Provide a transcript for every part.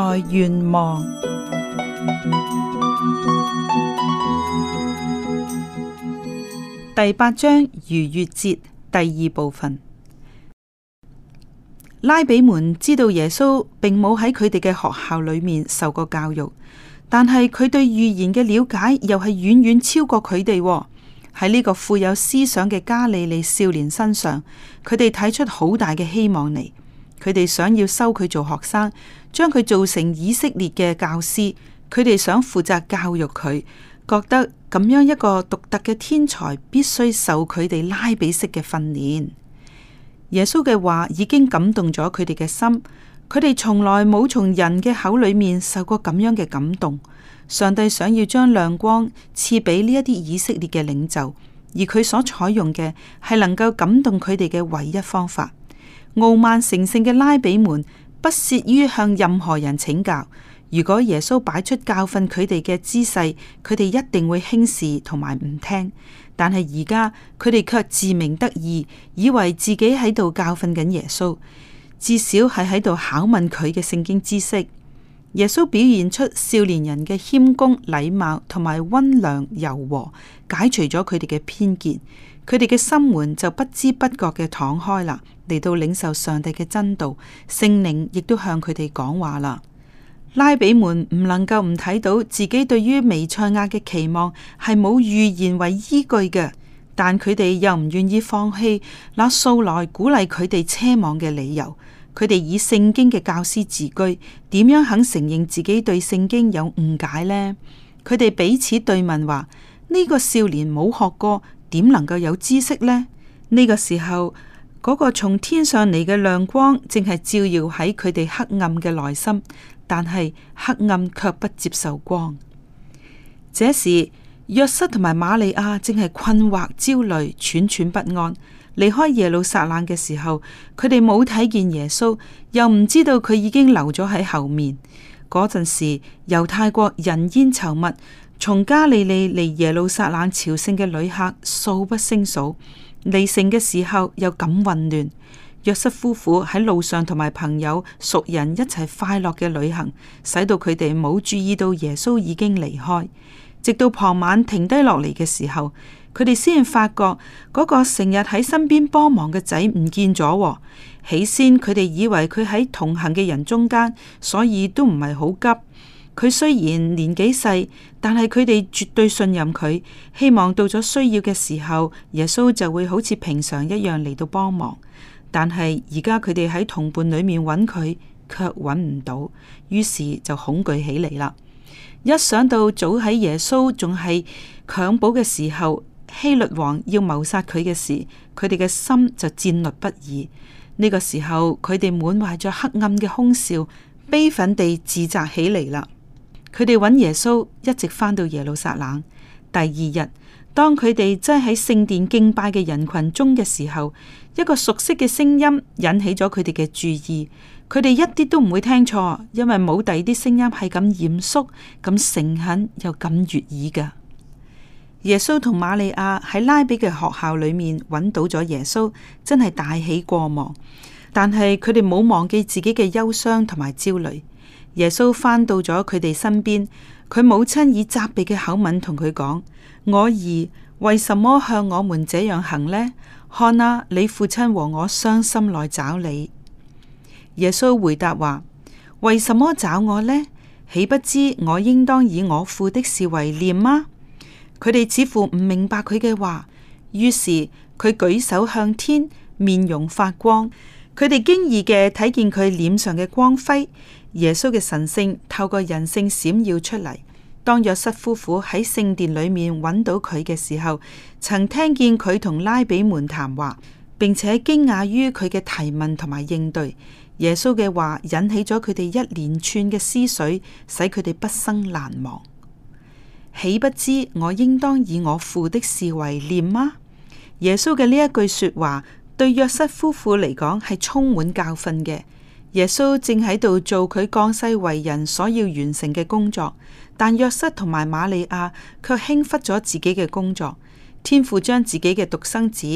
在願望第八章逾越節第二部分，拉比們知道耶穌並冇喺佢哋嘅學校裏面受過教育，但係佢對預言嘅了解又係遠遠超過佢哋。喺呢個富有思想嘅加利利少年身上，佢哋睇出好大嘅希望嚟。佢哋想要收佢做學生，將佢做成以色列嘅教師。佢哋想負責教育佢，覺得咁樣一個獨特嘅天才必須受佢哋拉比式嘅訓練。耶穌嘅話已經感動咗佢哋嘅心，佢哋從來冇從人嘅口裏面受過咁樣嘅感動。上帝想要將亮光賜俾呢一啲以色列嘅領袖，而佢所採用嘅係能夠感動佢哋嘅唯一方法。傲慢成性嘅拉比們不屑於向任何人請教。如果耶穌擺出教訓佢哋嘅姿勢，佢哋一定會輕視同埋唔聽。但係而家佢哋卻自鳴得意，以為自己喺度教訓緊耶穌，至少係喺度拷問佢嘅聖經知識。耶穌表現出少年人嘅謙恭、禮貌同埋温良柔和，解除咗佢哋嘅偏見。佢哋嘅心門就不知不覺嘅敞開啦，嚟到領受上帝嘅真道，聖靈亦都向佢哋講話啦。拉比們唔能夠唔睇到自己對於彌賽亞嘅期望係冇預言為依據嘅，但佢哋又唔願意放棄那素來鼓勵佢哋奢望嘅理由。佢哋以聖經嘅教師自居，點樣肯承認自己對聖經有誤解呢？佢哋彼此對問話，呢個少年冇學過。點能夠有知識呢？呢、這個時候，嗰、那個從天上嚟嘅亮光正係照耀喺佢哋黑暗嘅內心，但係黑暗卻不接受光。這時，約瑟同埋瑪利亞正係困惑、焦慮、喘喘不安。離開耶路撒冷嘅時候，佢哋冇睇見耶穌，又唔知道佢已經留咗喺後面。嗰陣時，猶太國人煙稠密。從加利利嚟耶路撒冷朝聖嘅旅客數不勝數，離城嘅時候又咁混亂。約瑟夫婦喺路上同埋朋友熟人一齊快樂嘅旅行，使到佢哋冇注意到耶穌已經離開。直到傍晚停低落嚟嘅時候，佢哋先發覺嗰個成日喺身邊幫忙嘅仔唔見咗。起先佢哋以為佢喺同行嘅人中間，所以都唔係好急。佢雖然年紀細，但係佢哋絕對信任佢，希望到咗需要嘅時候，耶穌就會好似平常一樣嚟到幫忙。但係而家佢哋喺同伴裏面揾佢，卻揾唔到，於是就恐懼起嚟啦。一想到早喺耶穌仲係襁褓嘅時候，希律王要謀殺佢嘅事，佢哋嘅心就戰慄不已。呢、這個時候，佢哋滿懷着黑暗嘅凶兆，悲憤地自責起嚟啦。佢哋揾耶穌，一直返到耶路撒冷。第二日，當佢哋真係喺聖殿敬拜嘅人群中嘅時候，一個熟悉嘅聲音引起咗佢哋嘅注意。佢哋一啲都唔會聽錯，因為冇第二啲聲音係咁嚴肅、咁誠懇又咁悅耳㗎。耶穌同瑪利亞喺拉比嘅學校裏面揾到咗耶穌，真係大喜過望。但係佢哋冇忘記自己嘅憂傷同埋焦慮。耶穌翻到咗佢哋身邊，佢母親以責備嘅口吻同佢講：我兒，為什麼向我們這樣行呢？看啊，你父親和我傷心來找你。耶穌回答話：為什麼找我呢？豈不知我應當以我父的事為念嗎？佢哋似乎唔明白佢嘅話，於是佢舉手向天，面容發光，佢哋驚異嘅睇見佢臉上嘅光輝。耶穌嘅神聖透過人性閃耀出嚟。當約瑟夫婦喺聖殿裏面揾到佢嘅時候，曾聽見佢同拉比們談話，並且驚訝於佢嘅提問同埋應對。耶穌嘅話引起咗佢哋一連串嘅思緒，使佢哋畢生難忘。豈不知我應當以我父的事為念嗎？耶穌嘅呢一句說話對約瑟夫婦嚟講係充滿教訓嘅。耶穌正喺度做佢降世為人所要完成嘅工作，但約瑟同埋瑪利亞卻輕忽咗自己嘅工作。天父將自己嘅獨生子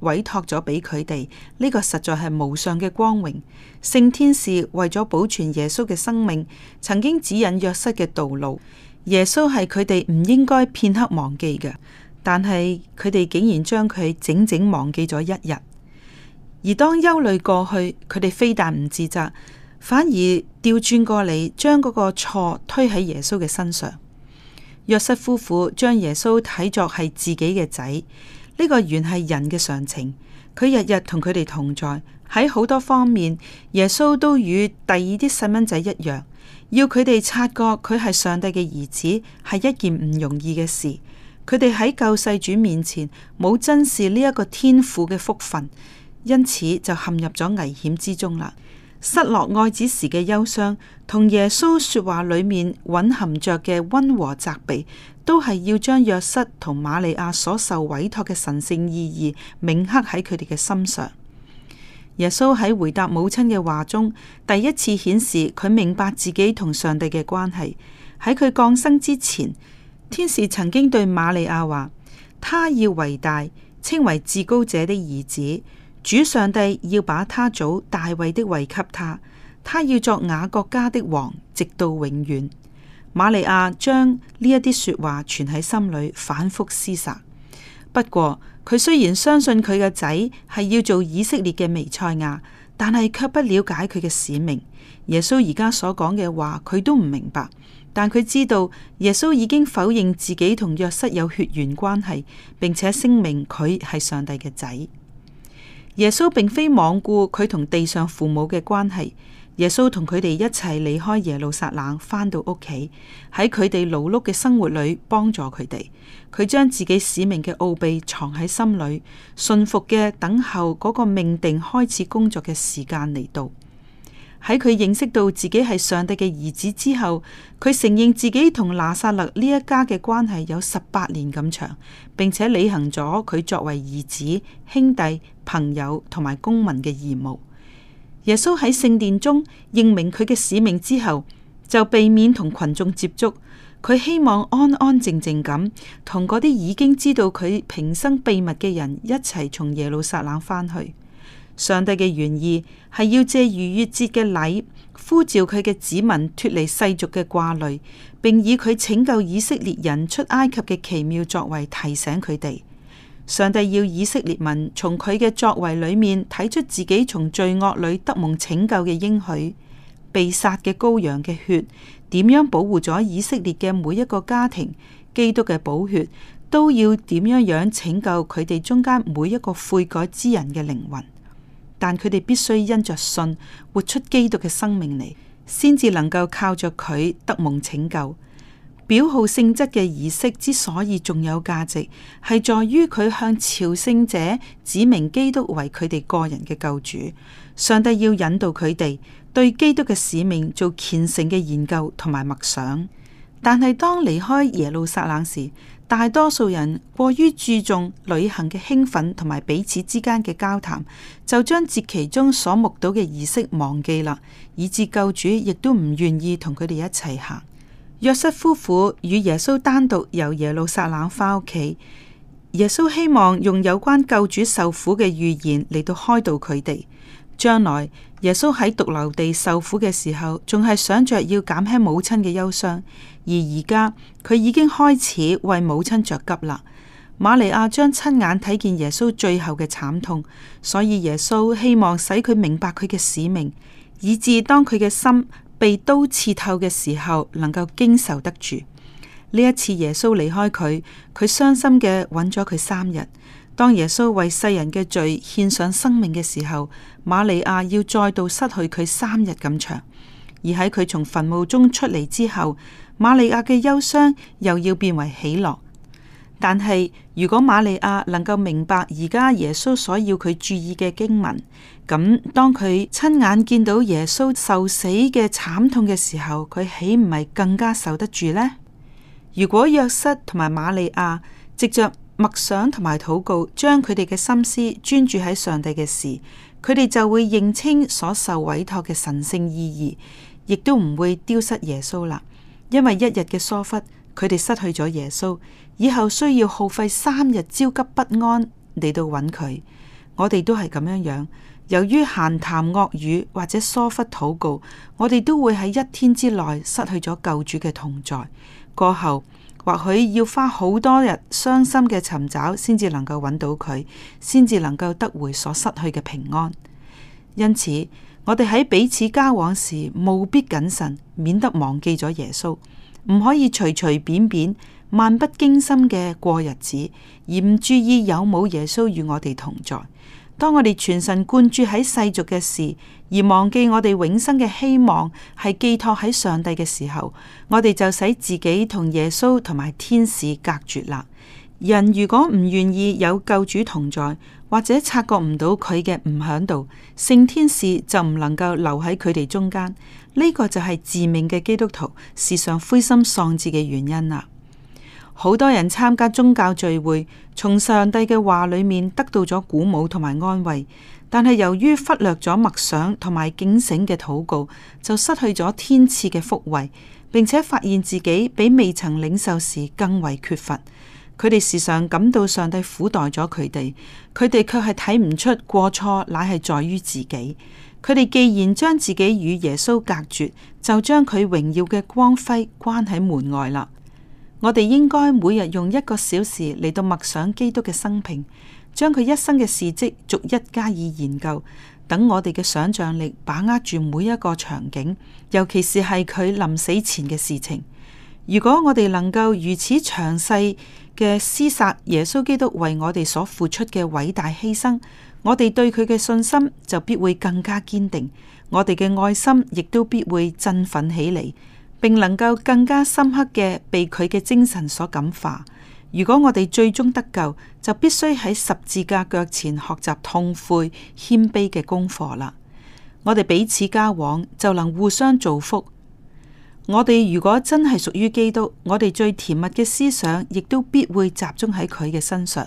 委託咗俾佢哋，呢個實在係無上嘅光榮。聖天使為咗保存耶穌嘅生命，曾經指引約瑟嘅道路。耶穌係佢哋唔應該片刻忘記嘅，但係佢哋竟然將佢整整忘記咗一日。而當憂慮過去，佢哋非但唔自責，反而調轉過嚟，將嗰個錯推喺耶穌嘅身上。約瑟夫婦將耶穌睇作係自己嘅仔，呢個原係人嘅常情。佢日日同佢哋同在，喺好多方面，耶穌都與第二啲細蚊仔一樣，要佢哋察覺佢係上帝嘅兒子，係一件唔容易嘅事。佢哋喺救世主面前冇珍視呢一個天父嘅福分。因此就陷入咗危險之中啦。失落愛子時嘅憂傷，同耶穌說話裏面蘊含着嘅溫和責備，都係要將約瑟同瑪利亞所受委託嘅神聖意義銘刻喺佢哋嘅心上。耶穌喺回答母親嘅話中，第一次顯示佢明白自己同上帝嘅關係。喺佢降生之前，天使曾經對瑪利亞話：他要為大，稱為至高者的兒子。主上帝要把他祖大衛的位給他，他要作雅各家的王，直到永遠。瑪利亞將呢一啲說話存喺心裏，反覆思察。不過佢雖然相信佢嘅仔係要做以色列嘅彌賽亞，但係卻不了解佢嘅使命。耶穌而家所講嘅話，佢都唔明白。但佢知道耶穌已經否認自己同約瑟有血緣關係，並且聲明佢係上帝嘅仔。耶穌並非罔顧佢同地上父母嘅關係。耶穌同佢哋一齊離開耶路撒冷，返到屋企，喺佢哋勞碌嘅生活裏幫助佢哋。佢將自己使命嘅奧秘藏喺心裏，信服嘅等候嗰個命定開始工作嘅時間嚟到。喺佢認識到自己係上帝嘅兒子之後，佢承認自己同拿撒勒呢一家嘅關係有十八年咁長，並且履行咗佢作為兒子、兄弟、朋友同埋公民嘅義務。耶穌喺聖殿中認明佢嘅使命之後，就避免同群眾接觸。佢希望安安靜靜咁同嗰啲已經知道佢平生秘密嘅人一齊從耶路撒冷翻去。上帝嘅原意係要借逾越節嘅禮，呼召佢嘅子民脫離世俗嘅掛慮，並以佢拯救以色列人出埃及嘅奇妙作為提醒佢哋。上帝要以色列民從佢嘅作為裏面睇出自己從罪惡裏得蒙拯救嘅應許。被殺嘅羔羊嘅血點樣保護咗以色列嘅每一個家庭，基督嘅寶血都要點樣樣拯救佢哋中間每一個悔改之人嘅靈魂，但佢哋必須因着信活出基督嘅生命嚟，先至能夠靠着佢得蒙拯救。表號性質嘅儀式之所以仲有價值，係在於佢向朝聖者指明基督為佢哋個人嘅救主。上帝要引導佢哋對基督嘅使命做虔誠嘅研究同埋默想。但係當離開耶路撒冷時，大多數人過於注重旅行嘅興奮同埋彼此之間嘅交談，就將節期中所目睹嘅儀式忘記啦，以致救主亦都唔願意同佢哋一齊行。約瑟夫婦與耶穌單獨由耶路撒冷返屋企，耶穌希望用有關救主受苦嘅預言嚟到開導佢哋。將來耶穌喺髑髏地受苦嘅時候，仲係想着要減輕母親嘅憂傷，而而家佢已經開始為母親着急啦。瑪利亞將親眼睇見耶穌最後嘅慘痛，所以耶穌希望使佢明白佢嘅使命，以至當佢嘅心。被刀刺透嘅時候，能夠經受得住。呢一次耶穌離開佢，佢傷心嘅揾咗佢三日。當耶穌為世人嘅罪獻上生命嘅時候，瑪利亞要再度失去佢三日咁長。而喺佢從墳墓中出嚟之後，瑪利亞嘅憂傷又要變為喜樂。但係，如果瑪利亞能夠明白而家耶穌所要佢注意嘅經文，咁當佢親眼見到耶穌受死嘅慘痛嘅時候，佢豈唔係更加受得住呢？如果約瑟同埋瑪利亞藉着默想同埋禱告，將佢哋嘅心思專注喺上帝嘅事，佢哋就會認清所受委託嘅神聖意義，亦都唔會丟失耶穌啦。因為一日嘅疏忽。佢哋失去咗耶穌，以後需要耗費三日焦急不安嚟到揾佢。我哋都係咁樣樣。由於閒談惡語或者疏忽禱告，我哋都會喺一天之內失去咗救主嘅同在。過後或許要花好多日傷心嘅尋找,找，先至能夠揾到佢，先至能夠得回所失去嘅平安。因此，我哋喺彼此交往時，務必謹慎，免得忘記咗耶穌。唔可以隨隨便便、漫不經心嘅過日子，而唔注意有冇耶穌與我哋同在。當我哋全神貫注喺世俗嘅事，而忘記我哋永生嘅希望係寄託喺上帝嘅時候，我哋就使自己同耶穌同埋天使隔絕啦。人如果唔願意有救主同在，或者察覺唔到佢嘅唔喺度，聖天使就唔能夠留喺佢哋中間。呢個就係致命嘅基督徒時常灰心喪志嘅原因啦。好多人參加宗教聚會，從上帝嘅話裏面得到咗鼓舞同埋安慰，但係由於忽略咗默想同埋警醒嘅禱告，就失去咗天賜嘅福惠，並且發現自己比未曾領受時更為缺乏。佢哋時常感到上帝苦待咗佢哋，佢哋卻係睇唔出過錯乃係在於自己。佢哋既然將自己與耶穌隔絕，就將佢榮耀嘅光輝關喺門外啦。我哋應該每日用一個小時嚟到默想基督嘅生平，將佢一生嘅事蹟逐一加以研究，等我哋嘅想象力把握住每一個場景，尤其是係佢臨死前嘅事情。如果我哋能夠如此詳細嘅思察耶穌基督為我哋所付出嘅偉大犧牲，我哋對佢嘅信心就必會更加堅定，我哋嘅愛心亦都必會振奮起嚟，並能夠更加深刻嘅被佢嘅精神所感化。如果我哋最終得救，就必須喺十字架腳前學習痛悔、謙卑嘅功課啦。我哋彼此交往就能互相造福。我哋如果真係屬於基督，我哋最甜蜜嘅思想，亦都必會集中喺佢嘅身上。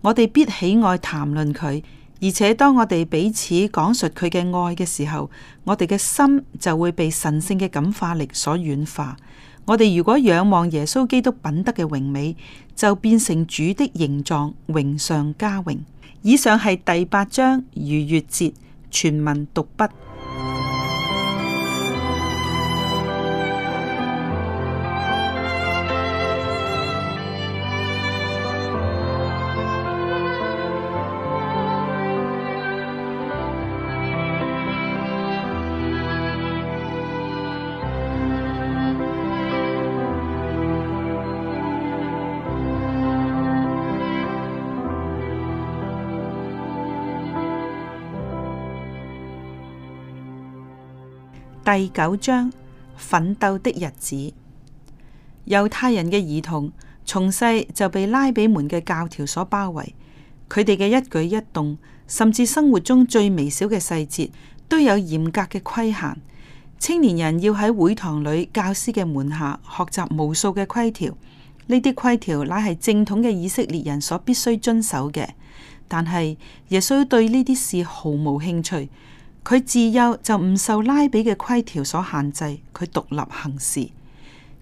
我哋必喜愛談論佢，而且當我哋彼此講述佢嘅愛嘅時候，我哋嘅心就會被神聖嘅感化力所軟化。我哋如果仰望耶穌基督品德嘅榮美，就變成主的形狀，榮上加榮。以上係第八章逾越節全文讀畢。第九章，奮鬥的日子。猶太人嘅兒童從細就被拉比門嘅教條所包圍，佢哋嘅一舉一動，甚至生活中最微小嘅細節，都有嚴格嘅規限。青年人要喺會堂裏教師嘅門下學習無數嘅規條，呢啲規條乃係正統嘅以色列人所必須遵守嘅。但係耶穌對呢啲事毫無興趣。佢自幼就唔受拉比嘅規條所限制，佢獨立行事。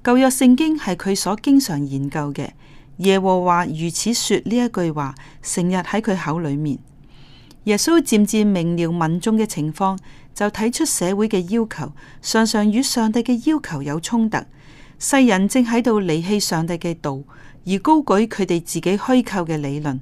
舊約聖經係佢所經常研究嘅。耶和華如此說呢一句話，成日喺佢口裏面。耶穌漸漸明了民眾嘅情況，就睇出社會嘅要求常常與上帝嘅要求有衝突。世人正喺度離棄上帝嘅道，而高舉佢哋自己虛構嘅理論。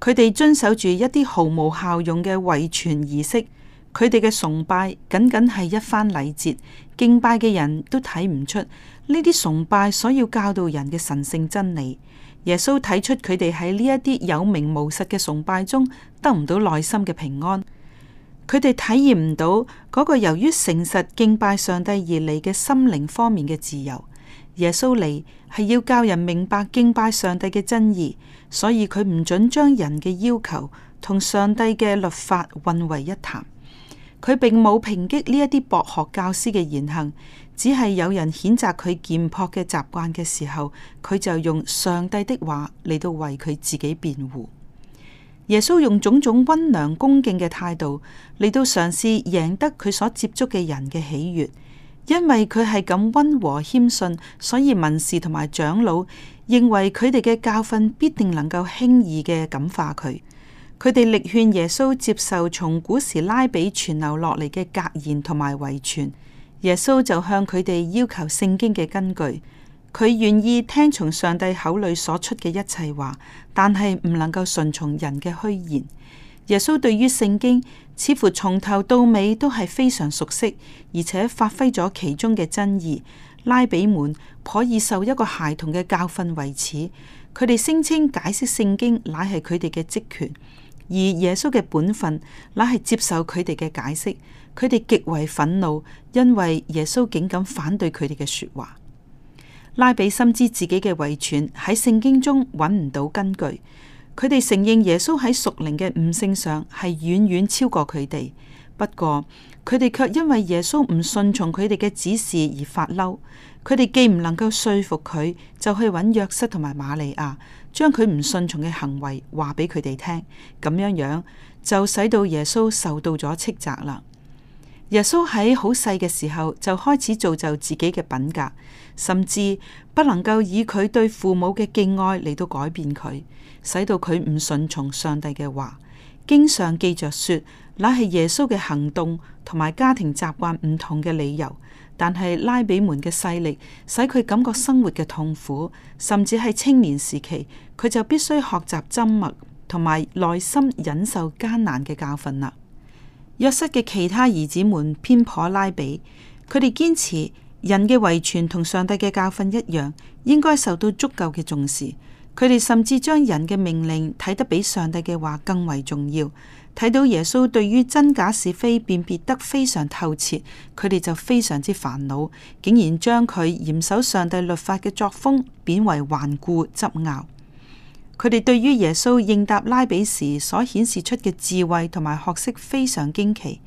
佢哋遵守住一啲毫無效用嘅遺傳儀式。佢哋嘅崇拜僅僅係一番禮節，敬拜嘅人都睇唔出呢啲崇拜所要教導人嘅神聖真理。耶穌睇出佢哋喺呢一啲有名無實嘅崇拜中得唔到內心嘅平安，佢哋體驗唔到嗰個由於誠實敬拜上帝而嚟嘅心靈方面嘅自由。耶穌嚟係要教人明白敬拜上帝嘅真義，所以佢唔准將人嘅要求同上帝嘅律法混為一談。佢並冇抨擊呢一啲博學教師嘅言行，只係有人譴責佢儉樸嘅習慣嘅時候，佢就用上帝的話嚟到為佢自己辯護。耶穌用種種溫良恭敬嘅態度嚟到嘗試贏得佢所接觸嘅人嘅喜悦，因為佢係咁溫和謙遜，所以文士同埋長老認為佢哋嘅教訓必定能夠輕易嘅感化佢。佢哋力勸耶穌接受從古時拉比傳流落嚟嘅格言同埋遺傳。耶穌就向佢哋要求聖經嘅根據，佢願意聽從上帝口裏所出嘅一切話，但係唔能夠順從人嘅虛言。耶穌對於聖經似乎從頭到尾都係非常熟悉，而且發揮咗其中嘅真義。拉比們頗以受一個孩童嘅教訓為恥，佢哋聲稱解釋聖經乃係佢哋嘅職權。而耶穌嘅本分，乃係接受佢哋嘅解釋。佢哋極為憤怒，因為耶穌竟敢反對佢哋嘅說話。拉比深知自己嘅遺傳喺聖經中揾唔到根據。佢哋承認耶穌喺屬靈嘅悟性上係遠遠超過佢哋。不過佢哋卻因為耶穌唔順從佢哋嘅指示而發嬲。佢哋既唔能夠說服佢，就去揾約瑟同埋瑪利亞。將佢唔順從嘅行為話俾佢哋聽，咁樣樣就使到耶穌受到咗斥責啦。耶穌喺好細嘅時候就開始造就自己嘅品格，甚至不能夠以佢對父母嘅敬愛嚟到改變佢，使到佢唔順從上帝嘅話，經常記着說，那係耶穌嘅行動同埋家庭習慣唔同嘅理由。但係拉比們嘅勢力，使佢感覺生活嘅痛苦，甚至喺青年時期，佢就必須學習緘默同埋耐心忍受艱難嘅教訓啦。約瑟嘅其他兒子們偏頗拉比，佢哋堅持人嘅遺傳同上帝嘅教訓一樣，應該受到足夠嘅重視。佢哋甚至將人嘅命令睇得比上帝嘅話更為重要。睇到耶穌對於真假是非辨別得非常透徹，佢哋就非常之煩惱，竟然將佢嚴守上帝律法嘅作風貶為頑固執拗。佢哋對於耶穌應答拉比時所顯示出嘅智慧同埋學識非常驚奇。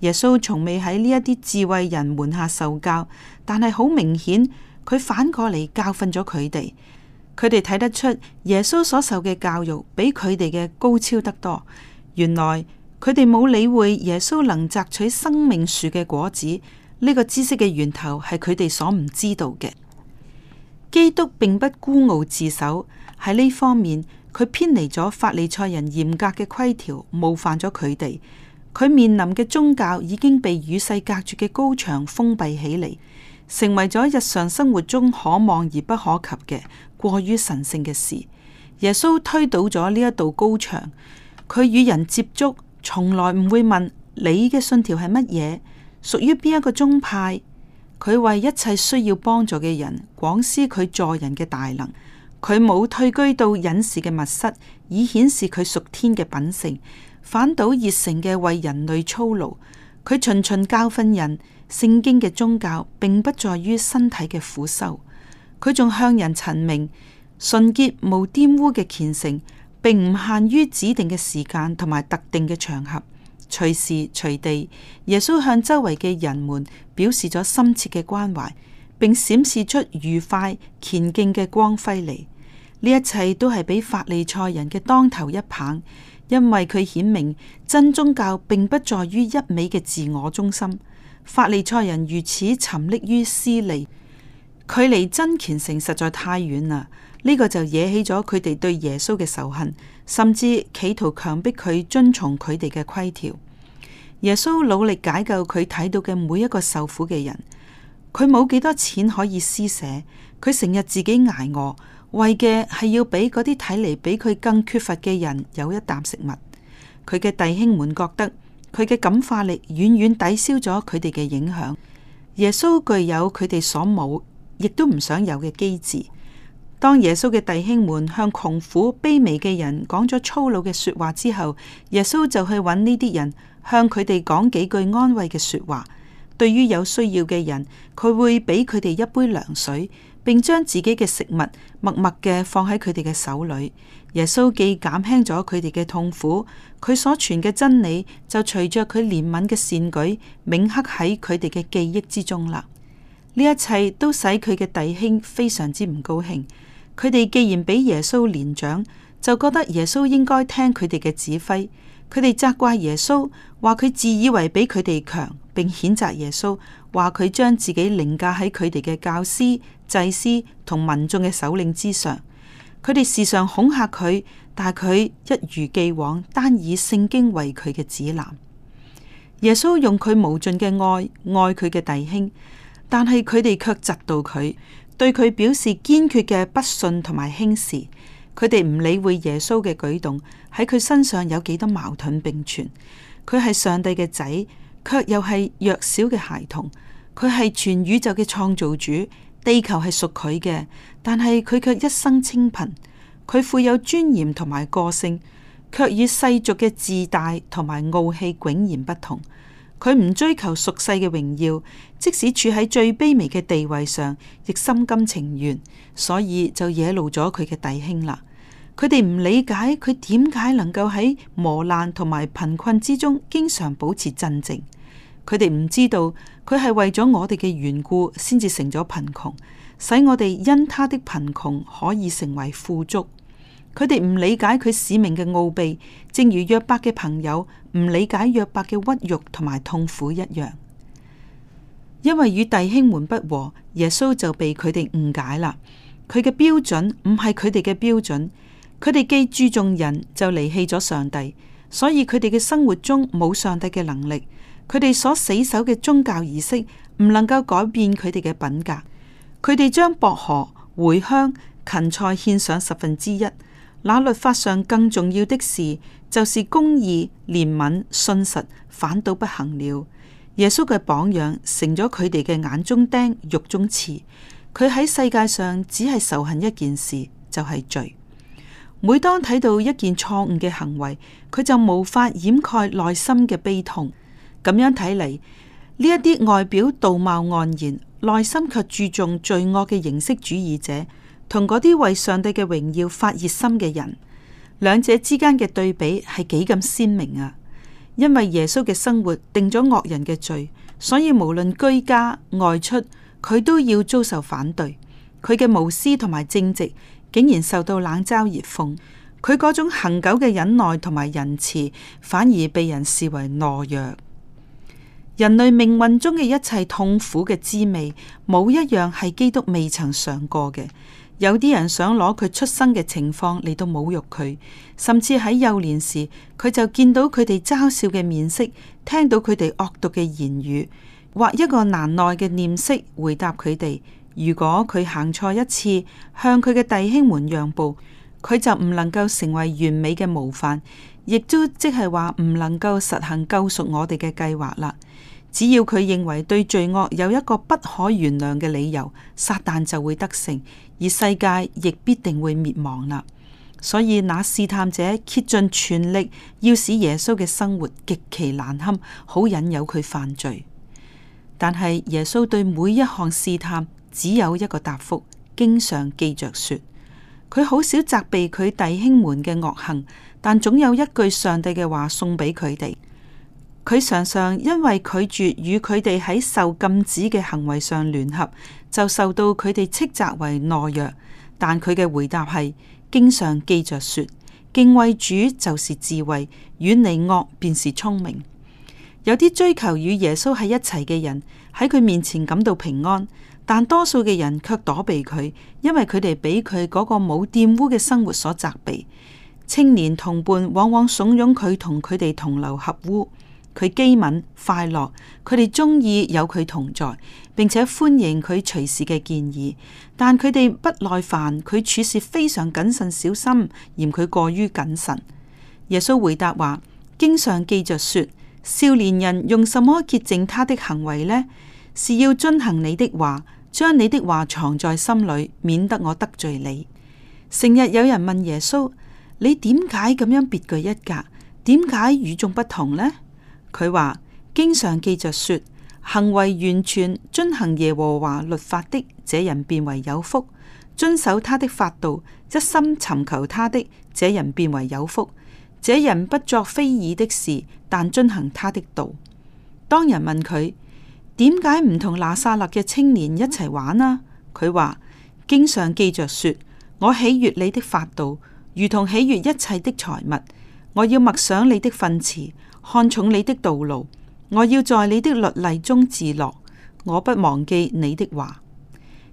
耶穌從未喺呢一啲智慧人門下受教，但係好明顯佢反過嚟教訓咗佢哋。佢哋睇得出耶穌所受嘅教育比佢哋嘅高超得多。原來佢哋冇理會耶穌能摘取生命樹嘅果子，呢個知識嘅源頭係佢哋所唔知道嘅。基督並不孤傲自守喺呢方面，佢偏離咗法利賽人嚴格嘅規條，冒犯咗佢哋。佢面臨嘅宗教已經被與世隔絕嘅高牆封閉起嚟，成為咗日常生活中可望而不可及嘅過於神聖嘅事。耶穌推倒咗呢一道高牆。佢與人接觸，從來唔會問你嘅信條係乜嘢，屬於邊一個宗派。佢為一切需要幫助嘅人廣施佢助人嘅大能。佢冇退居到隱士嘅密室，以顯示佢屬天嘅品性。反倒熱誠嘅為人類操勞。佢循循教訓人，聖經嘅宗教並不在於身體嘅苦修。佢仲向人陳明純潔無玷污嘅虔誠。並唔限於指定嘅時間同埋特定嘅場合，隨時隨地，耶穌向周圍嘅人們表示咗深切嘅關懷，並顯示出愉快、乾淨嘅光輝嚟。呢一切都係俾法利賽人嘅當頭一棒，因為佢顯明，真宗教並不在於一味嘅自我中心。法利賽人如此沉溺於私利。佢離真虔誠實在太遠啦，呢、這個就惹起咗佢哋對耶穌嘅仇恨，甚至企圖強迫佢遵從佢哋嘅規條。耶穌努力解救佢睇到嘅每一個受苦嘅人，佢冇幾多錢可以施捨，佢成日自己捱餓，為嘅係要俾嗰啲睇嚟比佢更缺乏嘅人有一啖食物。佢嘅弟兄們覺得佢嘅感化力遠遠抵消咗佢哋嘅影響。耶穌具有佢哋所冇。亦都唔想有嘅機智。當耶穌嘅弟兄們向窮苦卑微嘅人講咗粗魯嘅說話之後，耶穌就去揾呢啲人，向佢哋講幾句安慰嘅說話。對於有需要嘅人，佢會俾佢哋一杯涼水，並將自己嘅食物默默嘅放喺佢哋嘅手裏。耶穌既減輕咗佢哋嘅痛苦，佢所傳嘅真理就隨着佢憐憫嘅善舉，銘刻喺佢哋嘅記憶之中啦。呢一切都使佢嘅弟兄非常之唔高興。佢哋既然比耶穌年長，就覺得耶穌應該聽佢哋嘅指揮。佢哋責怪耶穌，話佢自以為比佢哋強，並譴責耶穌，話佢將自己凌駕喺佢哋嘅教師、祭司同民眾嘅首領之上。佢哋時常恐嚇佢，但佢一如既往，單以聖經為佢嘅指南。耶穌用佢無盡嘅愛，愛佢嘅弟兄。但係佢哋卻窒到佢，對佢表示堅決嘅不信同埋輕視。佢哋唔理會耶穌嘅舉動，喺佢身上有幾多矛盾並存。佢係上帝嘅仔，卻又係弱小嘅孩童。佢係全宇宙嘅創造主，地球係屬佢嘅，但係佢卻一生清貧。佢富有尊嚴同埋個性，卻與世俗嘅自大同埋傲氣迥然不同。佢唔追求俗世嘅榮耀，即使處喺最卑微嘅地位上，亦心甘情願。所以就惹怒咗佢嘅弟兄啦。佢哋唔理解佢點解能夠喺磨難同埋貧困之中，經常保持鎮靜。佢哋唔知道佢係為咗我哋嘅緣故，先至成咗貧窮，使我哋因他的貧窮可以成為富足。佢哋唔理解佢使命嘅奧秘，正如約伯嘅朋友。唔理解約伯嘅屈辱同埋痛苦一樣，因為與弟兄們不和，耶穌就被佢哋誤解啦。佢嘅標準唔係佢哋嘅標準，佢哋既注重人就離棄咗上帝，所以佢哋嘅生活中冇上帝嘅能力。佢哋所死守嘅宗教儀式唔能夠改變佢哋嘅品格。佢哋將薄荷、茴香、芹菜獻上十分之一，那律法上更重要的事，就是公義、憐憫、信實，反倒不行了。耶穌嘅榜樣成咗佢哋嘅眼中釘、肉中刺。佢喺世界上只係仇恨一件事，就係罪。每當睇到一件錯誤嘅行為，佢就無法掩蓋內心嘅悲痛。咁樣睇嚟，呢一啲外表道貌岸然、內心卻注重罪惡嘅形式主義者，同嗰啲為上帝嘅榮耀發熱心嘅人。兩者之間嘅對比係幾咁鮮明啊！因為耶穌嘅生活定咗惡人嘅罪，所以無論居家外出，佢都要遭受反對。佢嘅無私同埋正直，竟然受到冷嘲熱諷。佢嗰種恆久嘅忍耐同埋仁慈，反而被人視為懦弱。人類命運中嘅一切痛苦嘅滋味，冇一樣係基督未曾嘗過嘅。有啲人想攞佢出生嘅情況嚟到侮辱佢，甚至喺幼年時佢就見到佢哋嘲笑嘅面色，聽到佢哋惡毒嘅言語，或一個難耐嘅念色回答佢哋。如果佢行錯一次，向佢嘅弟兄們讓步，佢就唔能夠成為完美嘅模範，亦都即係話唔能夠實行救贖我哋嘅計劃啦。只要佢認為對罪惡有一個不可原諒嘅理由，撒旦就會得勝。而世界亦必定會滅亡啦，所以那試探者竭盡全力要使耶穌嘅生活極其難堪，好引誘佢犯罪。但係耶穌對每一項試探只有一個答復，經常記着說：佢好少責備佢弟兄們嘅惡行，但總有一句上帝嘅話送畀佢哋。佢常常因為拒絕與佢哋喺受禁止嘅行為上聯合，就受到佢哋斥責為懦弱。但佢嘅回答係經常記着說：敬畏主就是智慧，遠離惡便是聰明。有啲追求與耶穌喺一齊嘅人喺佢面前感到平安，但多數嘅人卻躲避佢，因為佢哋畀佢嗰個冇玷污嘅生活所責備。青年同伴往往慫恿佢同佢哋同流合污。佢機敏快樂，佢哋鍾意有佢同在，並且歡迎佢隨時嘅建議。但佢哋不耐煩，佢處事非常謹慎小心，嫌佢過於謹慎。耶穌回答話：經常記着說，少年人用什麼潔淨他的行為呢？是要遵行你的話，將你的話藏在心裏，免得我得罪你。成日有人問耶穌：你點解咁樣別具一格？點解與眾不同呢？佢話：經常記着說，行為完全遵行耶和華律法的，這人變為有福；遵守他的法度，一心尋求他的，這人變為有福。這人不作非議的事，但遵行他的道。當人問佢點解唔同拿撒勒嘅青年一齊玩啊？佢話：經常記着說，我喜悦你的法度，如同喜悦一切的財物。我要默想你的訓詞。看重你的道路，我要在你的律例中自樂。我不忘記你的話。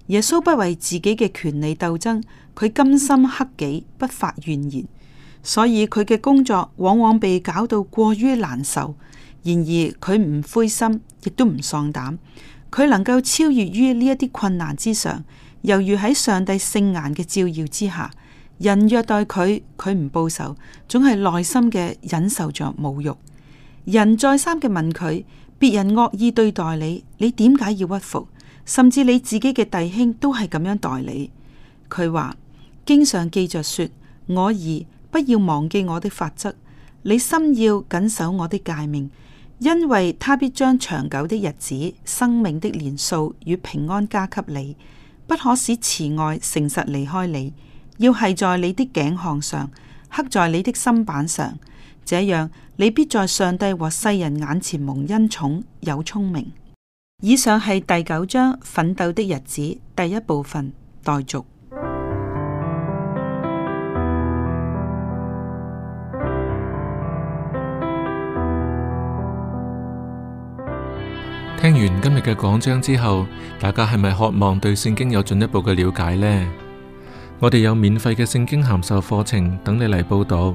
耶穌不為自己嘅權利鬥爭，佢甘心克己，不發怨言。所以佢嘅工作往往被搞到過於難受。然而佢唔灰心，亦都唔喪膽。佢能夠超越於呢一啲困難之上，猶如喺上帝聖顏嘅照耀之下。人虐待佢，佢唔報仇，總係耐心嘅忍受着侮辱。人再三嘅問佢，別人惡意對待你，你點解要屈服？甚至你自己嘅弟兄都係咁樣待你。佢話經常記着說：我兒不要忘記我的法則，你心要謹守我的誡命，因為他必將長久的日子、生命的年數與平安加給你，不可使慈愛誠實離開你。要繫在你的頸項上，刻在你的心板上。這樣你必在上帝和世人眼前蒙恩寵，有聰明。以上係第九章奮鬥的日子第一部分，待續。聽完今日嘅講章之後，大家係咪渴望對聖經有進一步嘅了解呢？我哋有免費嘅聖經函授課程等你嚟報導。